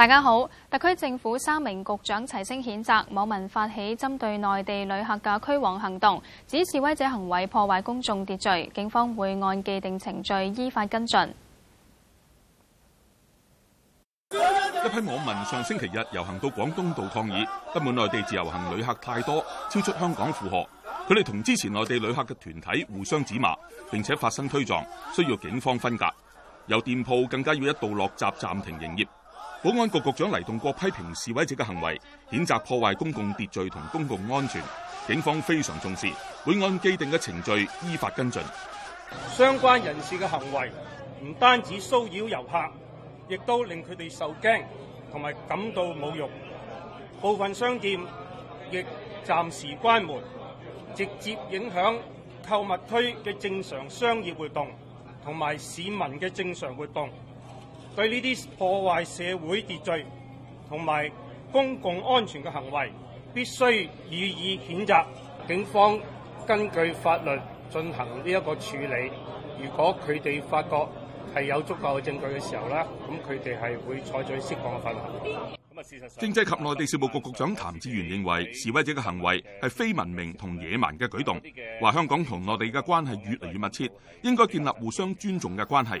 大家好，特區政府三名局長齊聲譴責網民發起針對內地旅客嘅驅蝗行動，指示威者行為破壞公眾秩序，警方會按既定程序依法跟進。一批網民上星期日遊行到廣東道抗議，根本內地自由行旅客太多，超出香港負荷。佢哋同之前內地旅客嘅團體互相指罵，並且發生推撞，需要警方分隔。有店鋪更加要一度落閘暫停營業。保安局局長黎棟國批評示威者嘅行為，譴責破壞公共秩序同公共安全。警方非常重視，會按既定嘅程序依法跟進。相關人士嘅行為唔單止騷擾遊客，亦都令佢哋受驚同埋感到侮辱。部分商店亦暫時關門，直接影響購物區嘅正常商業活動同埋市民嘅正常活動。對呢啲破壞社會秩序同埋公共安全嘅行為，必須予以譴責。警方根據法律進行呢一個處理。如果佢哋發覺係有足夠嘅證據嘅時候呢，咁佢哋係會採取適當嘅法律。政制及內地事務局局長譚志源認為，示威者嘅行為係非文明同野蠻嘅舉動，話香港同內地嘅關係越嚟越密切，應該建立互相尊重嘅關係。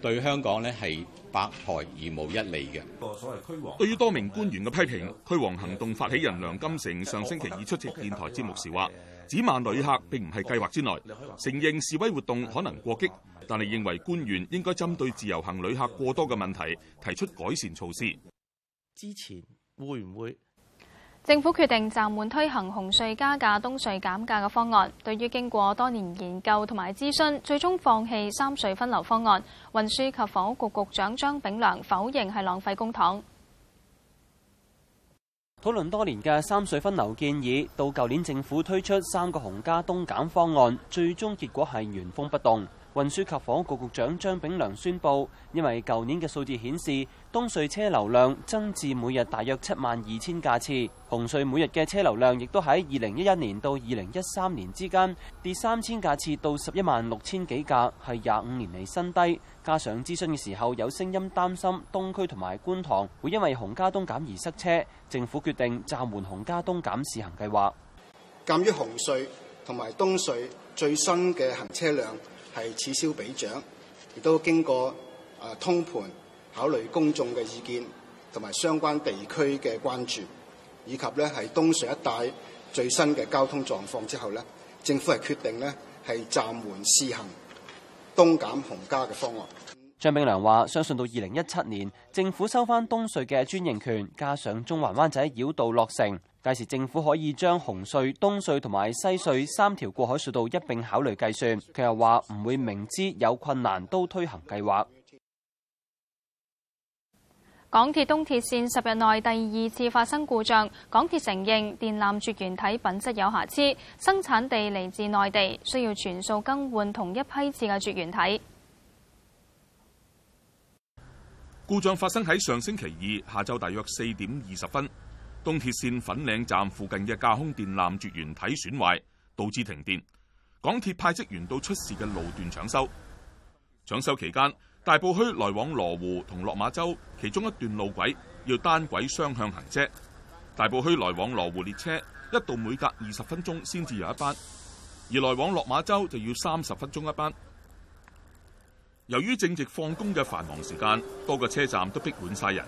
對香港咧係百害而無一利嘅。對於多名官員嘅批評，驅蝗行動發起人梁金成上星期二出席電台節目時話：指罵旅客並唔係計劃之內，承認示威活動可能過激，但係認為官員應該針對自由行旅客過多嘅問題提出改善措施。之前會唔會？政府決定暫緩推行紅隧加價、東隧減價嘅方案。對於經過多年研究同埋諮詢，最終放棄三隧分流方案，運輸及房屋局局長張炳良否認係浪費公帑。討論多年嘅三隧分流建議，到舊年政府推出三個紅加東減方案，最終結果係原封不動。運輸及房屋局局長張炳良宣佈，因為舊年嘅數字顯示，東隧車流量增至每日大約七萬二千架次，紅隧每日嘅車流量亦都喺二零一一年到二零一三年之間跌三千架次到十一萬六千幾架，係廿五年嚟新低。加上諮詢嘅時候有聲音擔心東區同埋觀塘會因為紅加東減而塞車，政府決定暫緩紅加東減試行計劃。鑒於紅隧同埋東隧最新嘅行車量。係此消彼長，亦都經過啊通盤考慮公眾嘅意見，同埋相關地區嘅關注，以及咧係東上一帶最新嘅交通狀況之後咧，政府係決定咧係暫緩施行東減紅加嘅方案。張炳良話，相信到二零一七年，政府收返東隧嘅專營權，加上中環灣仔繞道落成，屆時政府可以將紅隧、東隧同埋西隧三條過海隧道一併考慮計算。佢又話唔會明知有困難都推行計劃。港鐵東鐵綫十日內第二次發生故障，港鐵承認電纜絕緣體品質有瑕疵，生產地嚟自內地，需要全數更換同一批次嘅絕緣體。故障發生喺上星期二下晝大約四點二十分，東鐵線粉嶺站附近嘅架空電纜絕緣體損壞，導致停電。港鐵派職員到出事嘅路段搶修，搶修期間，大埔墟來往羅湖同落馬洲其中一段路軌要單軌雙向行車，大埔墟來往羅湖列車一度每隔二十分鐘先至有一班，而來往落馬洲就要三十分鐘一班。由於正值放工嘅繁忙時間，多個車站都逼滿晒人。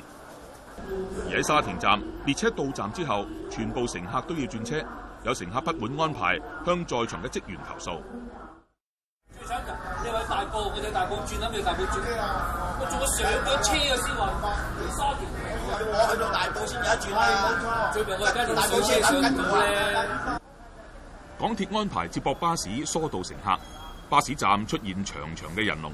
而喺沙田站，列車到站之後，全部乘客都要轉車，有乘客不滿安排，向在場嘅職員投訴。最慘嘅呢位大埔，我哋大埔轉諗住大埔轉呀！我仲要上咗車呀先話，沙田，我去到大埔先有一轉呀！最明我而家就大埔車上度嘞。港鐵安排接駁巴士疏導乘客，巴士站出現長長嘅人龍。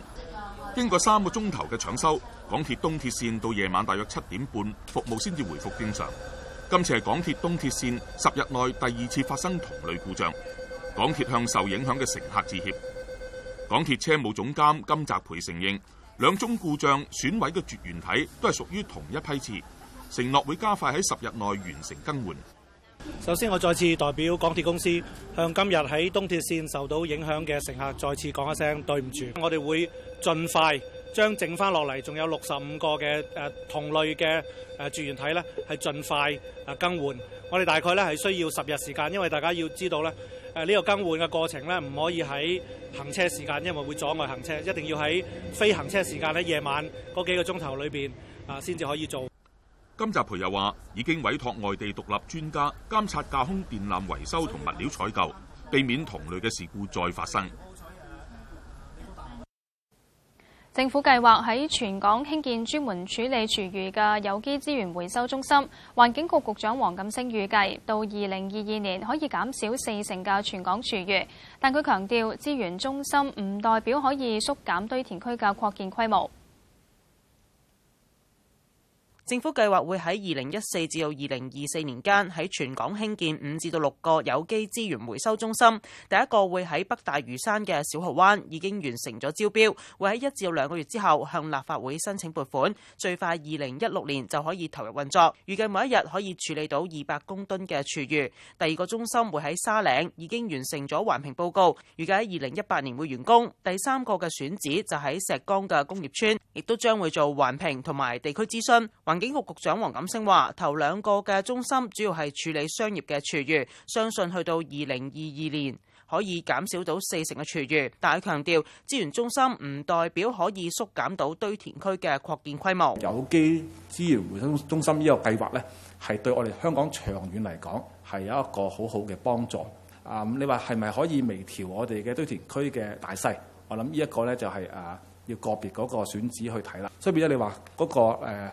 經過三個鐘頭嘅搶修，港鐵東鐵綫到夜晚大約七點半，服務先至回復正常。今次係港鐵東鐵綫十日內第二次發生同類故障，港鐵向受影響嘅乘客致歉。港鐵車務總監金澤培承認，兩宗故障損毀嘅絕緣體都係屬於同一批次，承諾會加快喺十日內完成更換。首先，我再次代表港鐵公司向今日喺東鐵綫受到影響嘅乘客再次講一聲對唔住。我哋會盡快將整翻落嚟，仲有六十五個嘅誒同類嘅誒絕緣體咧，係盡快誒更換。我哋大概咧係需要十日時間，因為大家要知道咧誒呢個更換嘅過程咧唔可以喺行車時間，因為會阻礙行車，一定要喺非行車時間咧夜晚嗰幾個鐘頭裏邊啊先至可以做。金澤培又話：已經委託外地獨立專家監察架空電纜維修同物料採購，避免同類嘅事故再發生。政府計劃喺全港興建專門處理廚餘嘅有機資源回收中心。環境局局長黃錦星預計，到二零二二年可以減少四成嘅全港廚餘，但佢強調，資源中心唔代表可以縮減堆填區嘅擴建規模。政府計劃會喺二零一四至到二零二四年間喺全港興建五至到六個有機資源回收中心。第一個會喺北大嶼山嘅小蠔灣，已經完成咗招標，會喺一至到兩個月之後向立法會申請撥款，最快二零一六年就可以投入運作，預計每一日可以處理到二百公噸嘅廚餘。第二個中心會喺沙嶺，已經完成咗環評報告，預計喺二零一八年會完工。第三個嘅選址就喺石崗嘅工業村，亦都將會做環評同埋地區諮詢。環境局局長黃錦星話，頭兩個嘅中心主要係處理商業嘅廚餘，相信去到二零二二年可以減少到四成嘅廚餘。但係強調資源中心唔代表可以縮減到堆填區嘅擴建規模。有機資源回收中心呢個計劃呢，係對我哋香港長遠嚟講係有一個好好嘅幫助。啊，你話係咪可以微調我哋嘅堆填區嘅大細？我諗呢一個呢，就係啊，要個別嗰個選址去睇啦。所以變咗你話嗰、那個誒。呃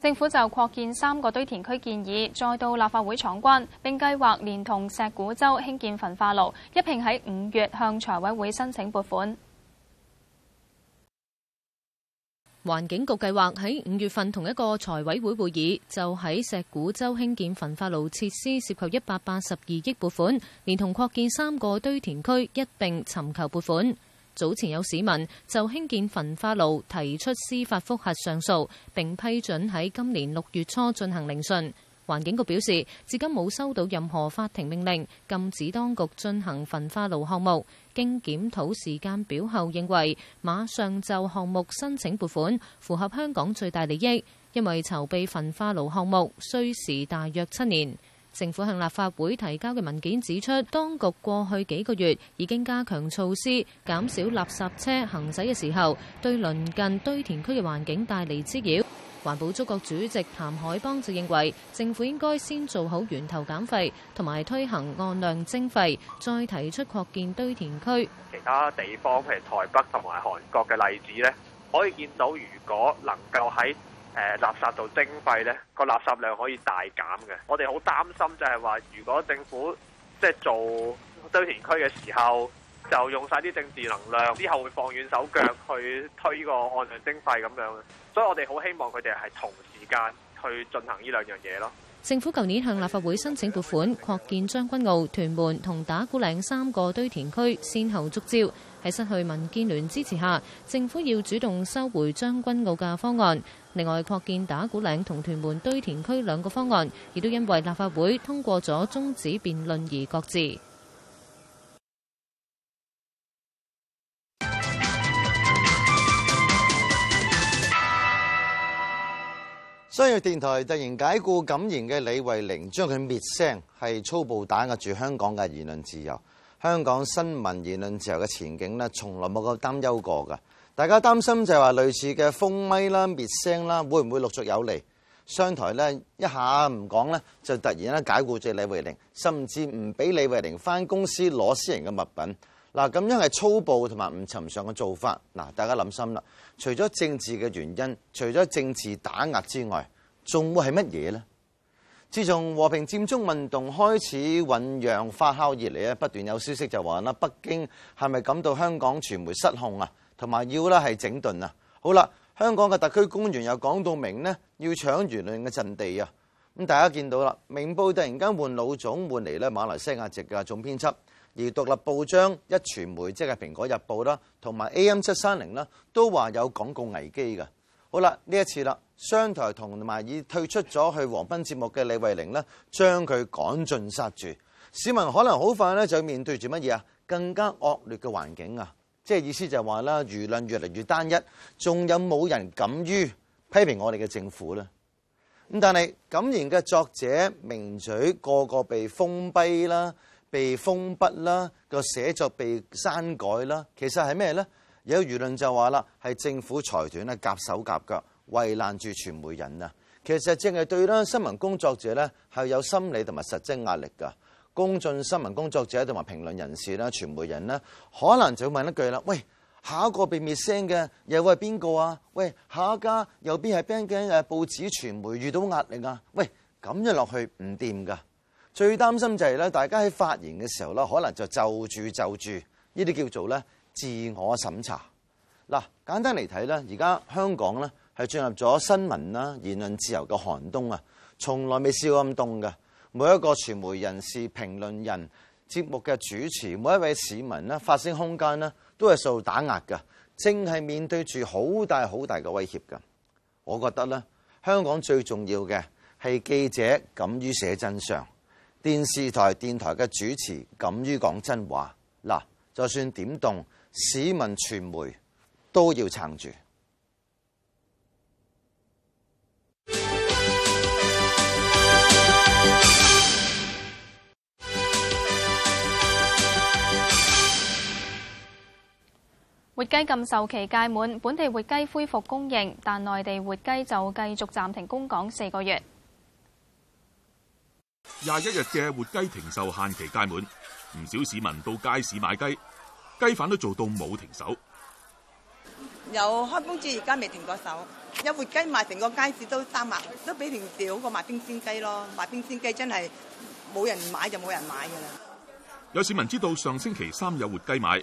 政府就擴建三個堆填區建議，再到立法會闖關，並計劃連同石鼓洲興建焚化爐，一並喺五月向財委會申請撥款。環境局計劃喺五月份同一個財委會會議，就喺石鼓洲興建焚化爐設施涉及一百八十二億撥款，連同擴建三個堆填區一並尋求撥款。早前有市民就興建焚化爐提出司法覆核上訴，並批准喺今年六月初進行聆訊。環境局表示，至今冇收到任何法庭命令禁止當局進行焚化爐項目。經檢討時間表後，認為馬上就項目申請撥款符合香港最大利益，因為籌備焚化爐項目需時大約七年。政府向立法會提交嘅文件指出，當局過去幾個月已經加強措施，減少垃圾車行駛嘅時候對鄰近堆填區嘅環境帶嚟滋擾。環保觸覺主席譚海邦就認為，政府應該先做好源頭減廢，同埋推行按量徵費，再提出擴建堆填區。其他地方譬如台北同埋韓國嘅例子呢，可以見到如果能夠喺誒垃圾做徵費咧，個垃圾量可以大減嘅。我哋好擔心就係話，如果政府即係做堆填區嘅時候，就用晒啲政治能量之後，會放軟手腳去推呢個按量徵費咁樣。所以我哋好希望佢哋係同時間去進行呢兩樣嘢咯。政府舊年向立法會申請撥款擴建將軍澳、屯門同打鼓嶺三個堆填區，先後觸礁，喺失去民建聯支持下，政府要主動收回將軍澳嘅方案。另外，擴建打鼓嶺同屯門堆填區兩個方案，亦都因為立法會通過咗終止辯論而擱置。商業電台突然解僱敢言嘅李慧玲，將佢滅聲係粗暴打壓住香港嘅言論自由。香港新聞言論自由嘅前景咧，從來冇咁擔憂過嘅。大家擔心就係話類似嘅風咪啦、滅聲啦，會唔會陸續有嚟？商台呢一下唔講呢，就突然咧解雇咗李慧玲，甚至唔俾李慧玲翻公司攞私人嘅物品嗱。咁樣係粗暴同埋唔尋常嘅做法嗱。大家諗深啦，除咗政治嘅原因，除咗政治打壓之外，仲會係乜嘢呢？自從和平佔中運動開始醖釀、發酵以嚟咧，不斷有消息就話啦，北京係咪感到香港傳媒失控啊？同埋要咧係整頓啊！好啦，香港嘅特區官員又講到明呢，要搶輿論嘅陣地啊！咁大家見到啦，明報突然間換老總，換嚟咧馬來西亞籍嘅總編輯，而獨立報章一傳媒即係《蘋果日報》啦，同埋 AM730 啦，都話有廣告危機㗎。好啦，呢一次啦，商台同埋已退出咗去黃昏節目嘅李慧玲呢，將佢趕盡殺絕。市民可能好快咧就要面對住乜嘢啊？更加惡劣嘅環境啊！即係意思就係話啦，輿論越嚟越單一，仲有冇人敢於批評我哋嘅政府呢？咁但係敢言嘅作者名嘴，個個被封閉啦，被封筆啦，個寫作被刪改啦。其實係咩呢？有輿論就話啦，係政府財團咧夾手夾腳，為難住傳媒人啊。其實淨係對新聞工作者咧係有心理同埋實際壓力㗎。公進新聞工作者同埋評論人士啦、傳媒人啦，可能就會問一句啦，喂，下一個被滅聲嘅又會係邊個啊？喂，下家又邊係邊間嘅報紙傳媒遇到壓力啊？喂，咁樣落去唔掂噶，最擔心就係咧，大家喺發言嘅時候咧，可能就就住就住，呢啲叫做咧自我審查。嗱，簡單嚟睇咧，而家香港咧係進入咗新聞啦、言論自由嘅寒冬啊，從來未試過咁凍㗎。每一個傳媒人士、評論人、節目嘅主持，每一位市民呢，發聲空間呢，都係受打壓㗎，正係面對住好大好大嘅威脅㗎。我覺得呢，香港最重要嘅係記者敢於寫真相，電視台、電台嘅主持敢於講真話。嗱，就算點動市民、傳媒都要撐住。活雞禁售期屆滿，本地活雞恢復供應，但內地活雞就繼續暫停供港四個月。廿一日嘅活雞停售限期屆滿，唔少市民到街市買雞，雞販都做到冇停手。由開工至而家未停過手。有活雞賣，成個街市都生猛，都比平時好過賣冰鮮雞咯。賣冰鮮雞真係冇人買就冇人買㗎啦。有市民知道上星期三有活雞買。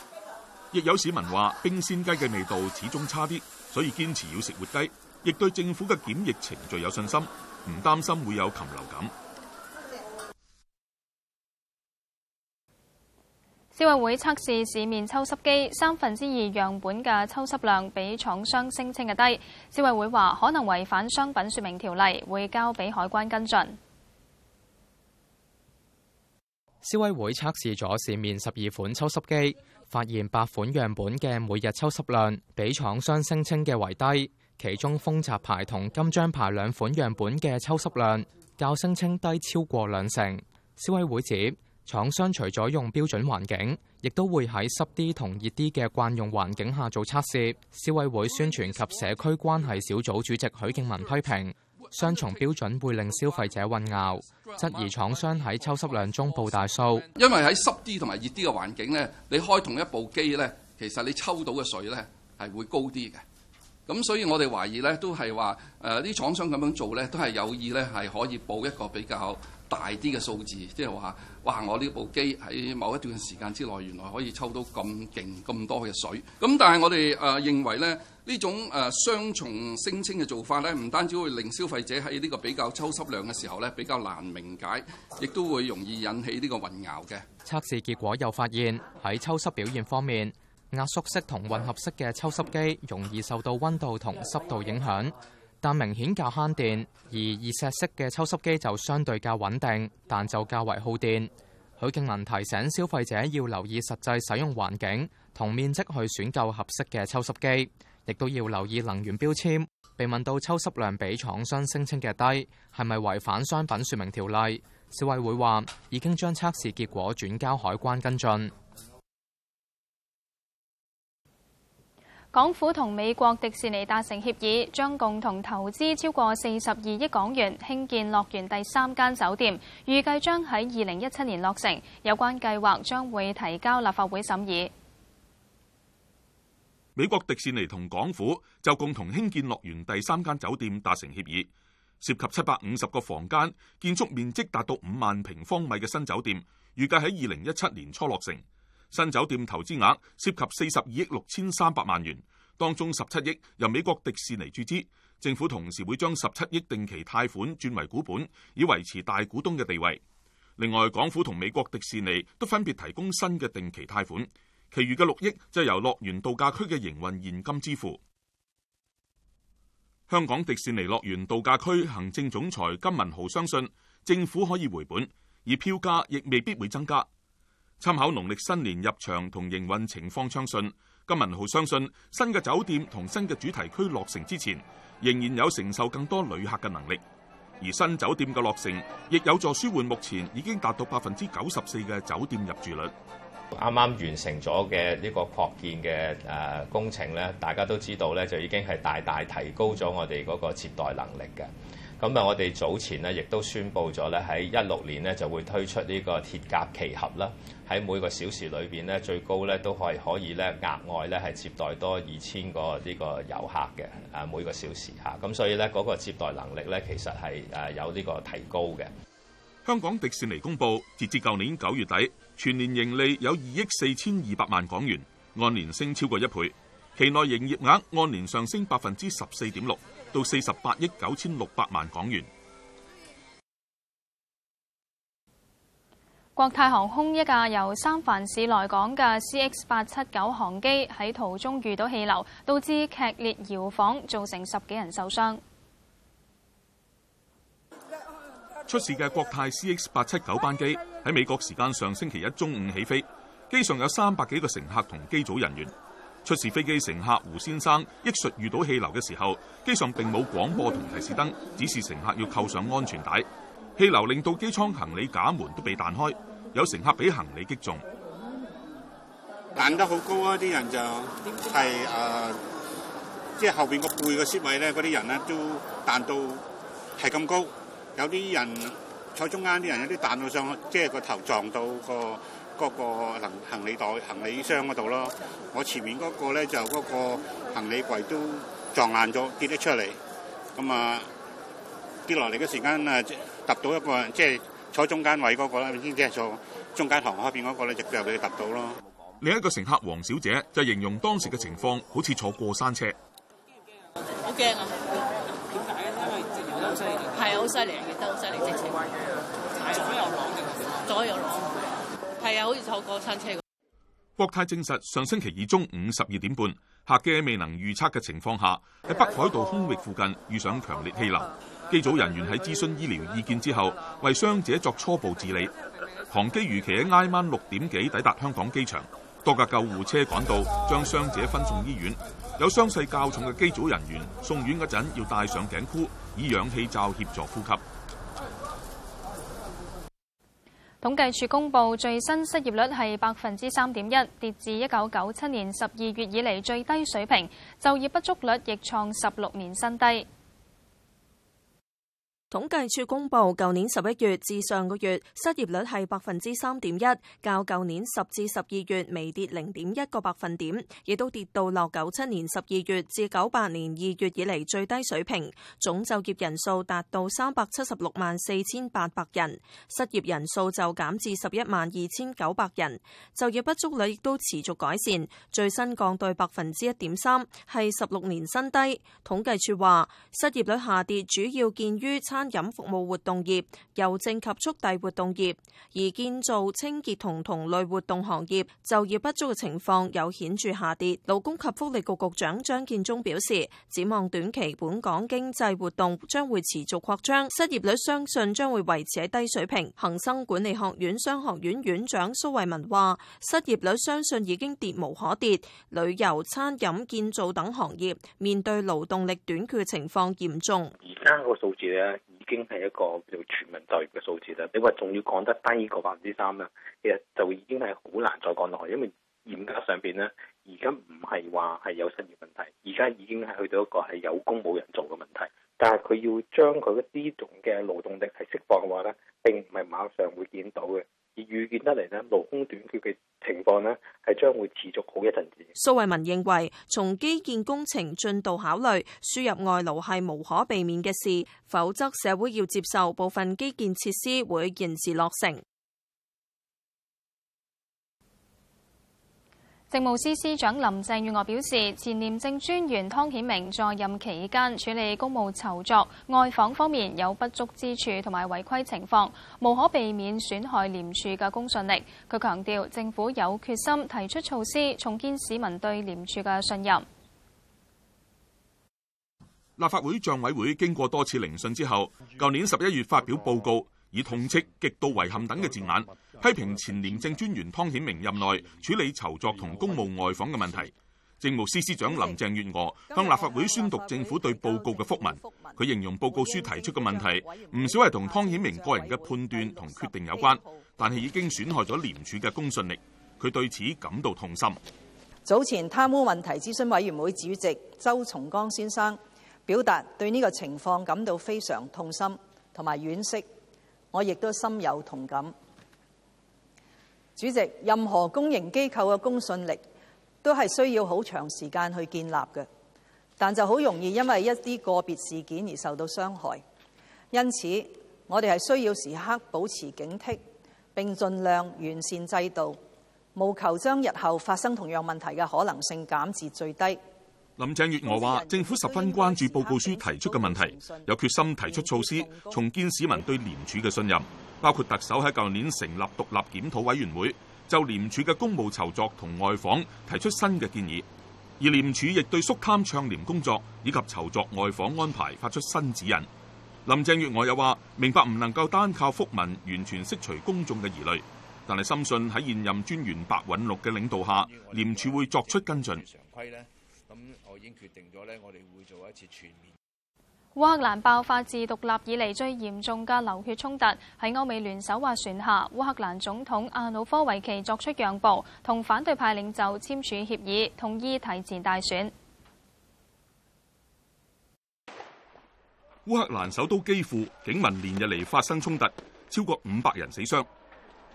亦有市民話：冰鮮雞嘅味道始終差啲，所以堅持要食活雞。亦對政府嘅檢疫程序有信心，唔擔心會有禽流感。謝謝消委會測試市面抽濕機，三分之二樣本嘅抽濕量比廠商聲稱嘅低。消委會話可能違反商品說明條例，會交俾海關跟進。消委會測試咗市面十二款抽濕機。發現八款樣本嘅每日抽濕量比廠商聲稱嘅為低，其中風澤牌同金章牌兩款樣本嘅抽濕量較聲稱低超過兩成。消委會指，廠商除咗用標準環境，亦都會喺濕啲同熱啲嘅慣用環境下做測試。消委會宣傳及社區關係小組主席許敬文批評。雙重標準會令消費者混淆，質疑廠商喺抽濕量中報大數。因為喺濕啲同埋熱啲嘅環境咧，你開同一部機咧，其實你抽到嘅水咧係會高啲嘅。咁所以我哋懷疑咧，都係話誒啲廠商咁樣做咧，都係有意咧，係可以報一個比較好大啲嘅數字，即係話，哇！我呢部機喺某一段時間之內，原來可以抽到咁勁、咁多嘅水。咁但係我哋誒、呃、認為咧，呢種誒、呃、雙重聲稱嘅做法呢，唔單止會令消費者喺呢個比較抽濕量嘅時候呢，比較難明解，亦都會容易引起呢個混淆嘅。測試結果又發現，喺抽濕表現方面，壓縮式同混合式嘅抽濕機容易受到溫度同濕度影響。但明顯較慳電，而熱石式嘅抽濕機就相對較穩定，但就較為耗電。許敬文提醒消費者要留意實際使用環境同面積去選購合適嘅抽濕機，亦都要留意能源標籤。被問到抽濕量比廠商聲稱嘅低，係咪違反商品説明條例，消委會話已經將測試結果轉交海關跟進。港府同美國迪士尼達成協議，將共同投資超過四十二億港元興建樂園第三間酒店，預計將喺二零一七年落成。有關計劃將會提交立法會審議。美國迪士尼同港府就共同興建樂園第三間酒店達成協議，涉及七百五十個房間，建築面積達到五萬平方米嘅新酒店，預計喺二零一七年初落成。新酒店投資額涉及四十二億六千三百萬元，當中十七億由美國迪士尼注資，政府同時會將十七億定期貸款轉為股本，以維持大股東嘅地位。另外，港府同美國迪士尼都分別提供新嘅定期貸款，其餘嘅六億就由樂園度假區嘅營運現金支付。香港迪士尼樂園度假區行政總裁金文豪相信政府可以回本，而票價亦未必會增加。參考農曆新年入場同營運情況相信，金文豪相信新嘅酒店同新嘅主題區落成之前，仍然有承受更多旅客嘅能力。而新酒店嘅落成，亦有助舒緩目前已經達到百分之九十四嘅酒店入住率。啱啱完成咗嘅呢個擴建嘅誒工程咧，大家都知道咧，就已經係大大提高咗我哋嗰個接待能力嘅。咁啊！我哋早前呢亦都宣布咗咧，喺一六年呢就會推出呢個鐵甲奇俠啦。喺每個小時裏邊呢，最高呢都可以可以呢額外呢係接待多二千個呢個遊客嘅啊，每個小時嚇。咁所以呢嗰個接待能力呢，其實係誒有呢個提高嘅。香港迪士尼公佈，截至舊年九月底，全年盈利有二億四千二百萬港元，按年升超過一倍，期內營業額按年上升百分之十四點六。到四十八億九千六百萬港元。國泰航空一架由三藩市來港嘅 CX 八七九航機喺途中遇到氣流，導致劇烈搖晃，造成十幾人受傷。出事嘅國泰 CX 八七九班機喺美國時間上星期一中午起飛，機上有三百幾個乘客同機組人員。出事飛機乘客胡先生憶述遇到氣流嘅時候，機上並冇廣播同提示燈，指示乘客要扣上安全帶。氣流令到機艙行李架門都被彈開，有乘客俾行李擊中。彈得好高啊！啲人就係誒，即係、呃就係、後邊個背個攝位咧，嗰啲人咧都彈到係咁高，有啲人坐中間啲人有啲彈到上去，即係個頭撞到、嗰個。嗰個行行李袋、行李箱嗰度咯，我前面嗰個咧就嗰個行李櫃都撞爛咗，跌得出嚟。咁啊跌落嚟嘅時間啊，揼到一個即係坐中間位嗰、那個啦，已經跌坐中間堂開邊嗰、那個咧，就又俾佢揼到咯。另一個乘客黃小姐就形容當時嘅情況好似坐過山車，好驚啊！點解咧？因係好犀利，真係好犀利，直情左右擋係左右擋。係啊，好似坐過山車咁。國泰證實，上星期二中午十二點半，客機未能預測嘅情況下，喺北海道空域附近遇上強烈氣流，機組人員喺諮詢醫療意見之後，為傷者作初步治理。航機如期喺挨晚六點幾抵達香港機場，多架救護車趕到，將傷者分送醫院。有傷勢較重嘅機組人員送院嗰陣，要戴上頸箍，以氧氣罩協助呼吸。統計處公布最新失業率係百分之三點一，跌至一九九七年十二月以嚟最低水平，就業不足率亦創十六年新低。統計處公布，舊年十一月至上個月失業率係百分之三點一，較舊年十至十二月微跌零點一個百分點，亦都跌到落九七年十二月至九八年二月以嚟，最低水平。總就業人數達到三百七十六萬四千八百人，失業人數就減至十一萬二千九百人，就業不足率亦都持續改善，最新降到百分之一點三，係十六年新低。統計處話，失業率下跌主要見於餐飲服務活動業、郵政及速遞活動業，而建造、清潔同同類活動行業就業不足嘅情況有顯著下跌。勞工及福利局局長張建宗表示，展望短期，本港經濟活動將會持續擴張，失業率相信將會維持喺低水平。恒生管理學院商學院院長蘇偉文話，失業率相信已經跌無可跌，旅遊、餐飲、建造等行業面對勞動力短缺情況嚴重。而家個數字呢？已經係一個叫做全民就業嘅數字啦。你話仲要降得低過百分之三咧，其實就已經係好難再降落去，因為嚴格上邊咧，而家唔係話係有失業問題，而家已經係去到一個係有工冇人做嘅問題。但係佢要將佢呢種嘅勞動力係釋放嘅話咧，並唔係馬上會見到嘅。而預見得嚟咧，勞工短缺嘅情況咧，係將會持續好一陣子。蘇偉文認為，從基建工程進度考慮，輸入外勞係無可避免嘅事，否則社會要接受部分基建設施會延遲落成。政務司司長林鄭月娥表示，前廉政專員湯顯明在任期間處理公務酬酢、外訪方面有不足之處同埋違規情況，無可避免損害廉署嘅公信力。佢強調，政府有決心提出措施，重建市民對廉署嘅信任。立法會帳委會經過多次聆訊之後，舊年十一月發表報告，以痛斥、極度遺憾等嘅字眼，批評前廉政專員湯顯明任內處理酬酢同公務外訪嘅問題。政務司司長林鄭月娥向立法會宣讀政府對報告嘅覆文，佢形容報告書提出嘅問題唔少係同湯顯明個人嘅判斷同決定有關，但係已經損害咗廉署嘅公信力。佢對此感到痛心。早前貪污問題諮詢委員會主席周松崗先生表達對呢個情況感到非常痛心同埋惋惜。我亦都深有同感，主席，任何公營機構嘅公信力都係需要好長時間去建立嘅，但就好容易因為一啲個別事件而受到傷害。因此，我哋係需要時刻保持警惕，並盡量完善制度，務求將日後發生同樣問題嘅可能性減至最低。林鄭月娥話：政府十分關注報告書提出嘅問題，有決心提出措施，重建市民對廉署嘅信任。包括特首喺舊年成立獨立檢討委員會，就廉署嘅公務酬酢同外訪提出新嘅建議。而廉署亦對肅貪倡廉工作以及酬酢外訪安排發出新指引。林鄭月娥又話：明白唔能夠單靠覆文完全釋除公眾嘅疑慮，但係深信喺現任專員白韞六嘅領導下，廉署會作出跟進。咁我已經決定咗咧，我哋會做一次全面。烏克蘭爆發自獨立以嚟最嚴重嘅流血衝突，喺歐美聯手斡旋下，烏克蘭總統亞努科維奇作出讓步，同反對派領袖簽署協議，同意提前大選。烏克蘭首都基輔警民連日嚟發生衝突，超過五百人死傷。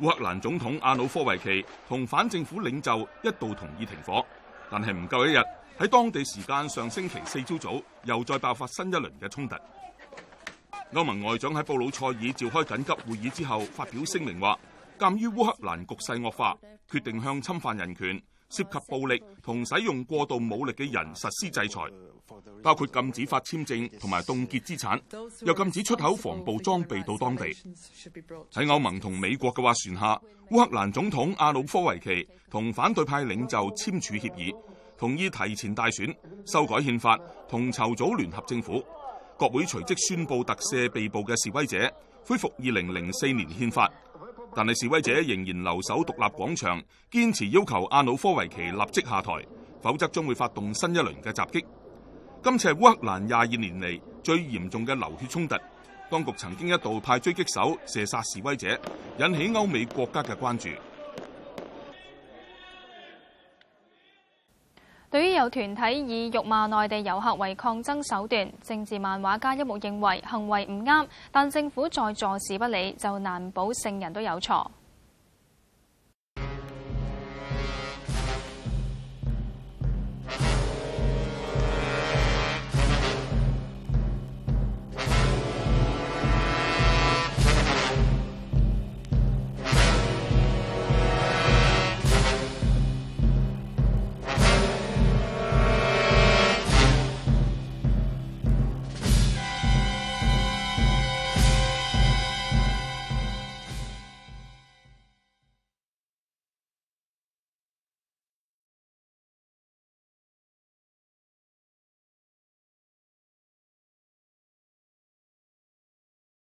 烏克蘭總統亞努科維奇同反政府領袖一度同意停火，但係唔夠一日。喺當地時間上星期四朝早，又再爆發新一輪嘅衝突。歐盟外長喺布魯塞爾召開緊急會議之後，發表聲明話，鑑於烏克蘭局勢惡化，決定向侵犯人權、涉及暴力同使用過度武力嘅人實施制裁，包括禁止發簽證同埋凍結資產，又禁止出口防暴裝備到當地。喺歐盟同美國嘅斡旋下，烏克蘭總統亞努科維奇同反對派領袖簽署協議。同意提前大選、修改憲法同籌組聯合政府，國會隨即宣布特赦被捕嘅示威者，恢復二零零四年憲法。但係示威者仍然留守獨立廣場，堅持要求阿努科維奇立即下台，否則將會發動新一輪嘅襲擊。今次係烏克蘭廿二年嚟最嚴重嘅流血衝突，當局曾經一度派狙擊手射殺示威者，引起歐美國家嘅關注。對於有團體以辱罵內地遊客為抗爭手段，政治漫畫家一目認為行為唔啱，但政府再坐視不理就難保聖人都有錯。